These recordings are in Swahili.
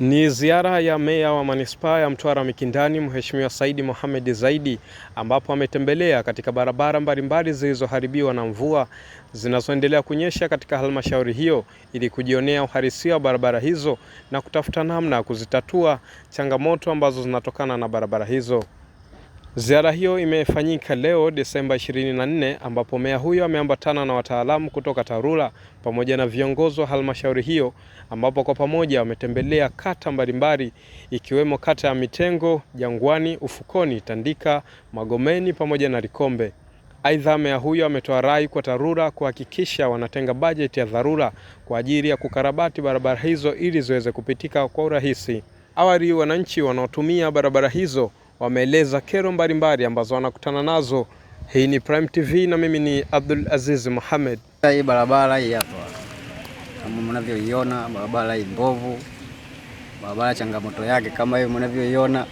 Ni ziara ya meya wa manispaa ya Mtwara Mikindani, Mheshimiwa Saidi Mohamed Zaidi, ambapo ametembelea katika barabara mbalimbali zilizoharibiwa na mvua zinazoendelea kunyesha katika halmashauri hiyo ili kujionea uhalisia wa barabara hizo na kutafuta namna ya kuzitatua changamoto ambazo zinatokana na barabara hizo. Ziara hiyo imefanyika leo Desemba 24 ambapo meya huyo ameambatana na wataalamu kutoka TARURA pamoja na viongozi wa halmashauri hiyo ambapo kwa pamoja wametembelea kata mbalimbali ikiwemo kata ya Mitengo, Jangwani, Ufukoni, Tandika, Magomeni pamoja na Likombe. Aidha, meya huyo ametoa rai kwa TARURA kuhakikisha wanatenga bajeti ya dharura kwa ajili ya kukarabati barabara hizo ili ziweze kupitika kwa urahisi. Awali wananchi wanaotumia barabara hizo wameeleza kero mbalimbali ambazo wanakutana nazo. Hii ni Prime TV na mimi ni Abdul Aziz Muhammad. Hii barabara hii hapa kama mnavyoiona, barabara hii mbovu, barabara changamoto yake kama hiyo mnavyoiona,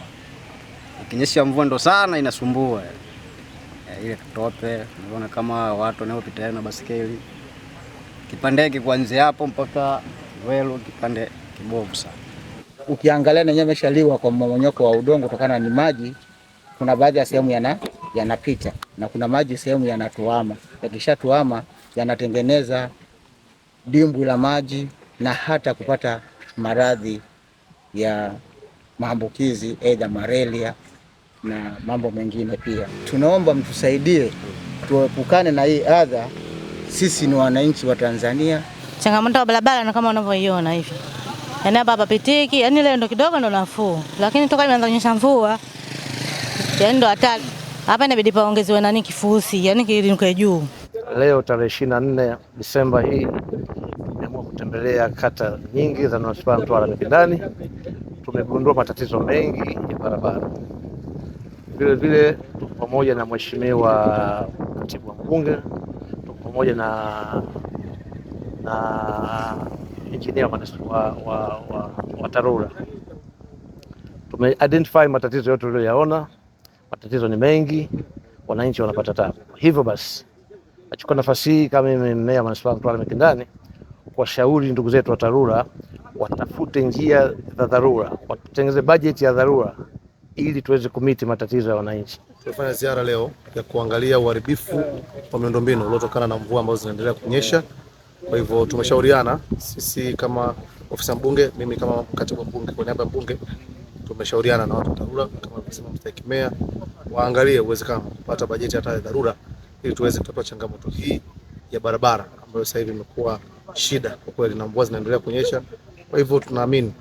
ikinyesha mvua ndo sana inasumbua eh, ile tope. Unaona kama watu wanaopita na basikeli, kipande hiki kuanzia hapo mpaka Welu, kipande kibovu sana ukiangalia nenyewe imeshaliwa kwa mmomonyoko wa udongo kutokana ni maji. Kuna baadhi ya sehemu yana yanapita na kuna maji sehemu yanatuama, yakishatuama yanatengeneza dimbwi la maji na hata kupata maradhi ya maambukizi aidha malaria na mambo mengine pia. Tunaomba mtusaidie tuepukane na hii adha. Sisi ni wananchi wa Tanzania. Changamoto ya barabara na kama unavyoiona hivi yani hapa papitiki, yaani leo ndo kidogo ndo nafuu, lakini toka imeanza kunyesha mvua yani ndo hatari hapa, inabidi paongezewe nani kifusi, yani kilinuke juu. Leo tarehe ishirini na nne Desemba hii nimeamua kutembelea kata nyingi za manispaa Mtwara Mikindani. Tumegundua matatizo mengi ya barabara, vilevile tuko pamoja na mheshimiwa katibu wa mbunge, tuko pamoja na na engineer wa, wa, wa, wa TARURA. Tume identify matatizo yote uliyoyaona. Matatizo ni mengi, wananchi wanapata tabu. Hivyo basi nachukua nafasi hii kama mimi meya wa manispaa Mtwara Mikindani kuwashauri ndugu zetu wa TARURA watafute njia za dharura, watengeze bajeti ya dharura ili tuweze kumiti matatizo ya wananchi. Tumefanya ziara leo ya kuangalia uharibifu wa miundombinu uliotokana na mvua ambazo zinaendelea kunyesha. Kwa hivyo tumeshauriana sisi kama ofisa mbunge, mimi kama katibu wa bunge kwa niaba ya bunge tumeshauriana na watu wa TARURA kama alivyosema mstahiki meya, waangalie uwezekano kupata bajeti hata ya dharura ili tuweze kutatua changamoto hii ya barabara ambayo sasa hivi imekuwa shida kwa kweli, na mvua zinaendelea kunyesha. Kwa hivyo tunaamini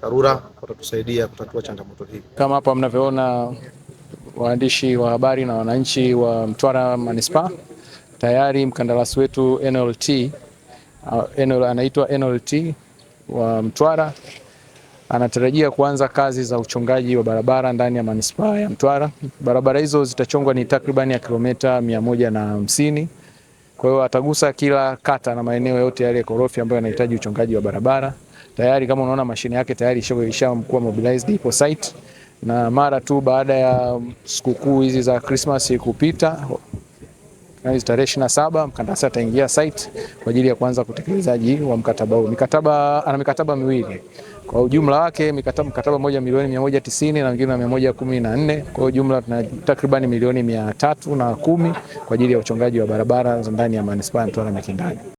TARURA watatusaidia kutatua changamoto hii. Kama hapa mnavyoona, waandishi wa habari na wananchi wa Mtwara manispaa, tayari mkandarasi wetu NLT anaitwa NLT wa Mtwara anatarajia kuanza kazi za uchongaji wa barabara ndani ya manispaa ya Mtwara. Barabara hizo zitachongwa ni takribani ya kilomita mia moja na hamsini. Kwa hiyo atagusa kila kata na maeneo yote yale korofi ambayo yanahitaji uchongaji wa barabara. Tayari kama unaona mashine yake tayari ishakuwa mobilized ipo site, na mara tu baada ya sikukuu hizi za Christmas kupita na hizi tarehe 27 mkandarasi ataingia site kwa ajili ya kuanza kutekelezaji wa mkataba huu. Mikataba ana mikataba miwili kwa ujumla wake mikataba, mkataba mmoja milioni 190 na mwingine na 114. Kwa hiyo jumla tuna takriban milioni mia tatu na kumi kwa ajili ya uchongaji wa barabara za ndani ya manispaa ya Mtwara Mikindani.